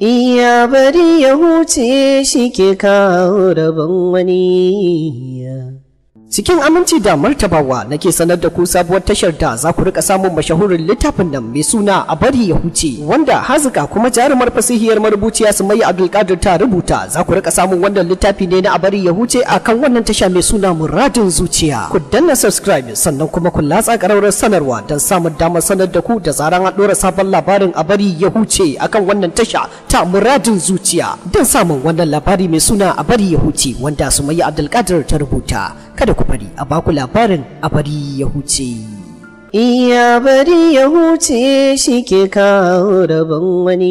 iya bari ya huce shi ke kawo rabon wani Cikin aminci da martabawa nake sanar da ku sabuwar tashar da za ku rika samun mashahurin littafin nan mai suna a bari ya huce wanda hazuka kuma jarumar fasihiyar marubuciya Sumayya Abdulkadir ta rubuta za ku rika samun wannan littafi ne na a bari ya huce akan wannan tasha mai suna muradin zuciya. Ku danna subscribe sannan kuma ku latsa ƙararrar sanarwa don samun damar sanar da ku da zaran an ɗora sabon labarin a bari ya huce akan wannan tasha ta muradin zuciya don samun wannan labari mai suna a bari ya huce wanda Sumayya Abdulkadir ta rubuta. Kada ku bari a baku labarin a bari ya huce iya bari ya huce shi ke kawo rabon wani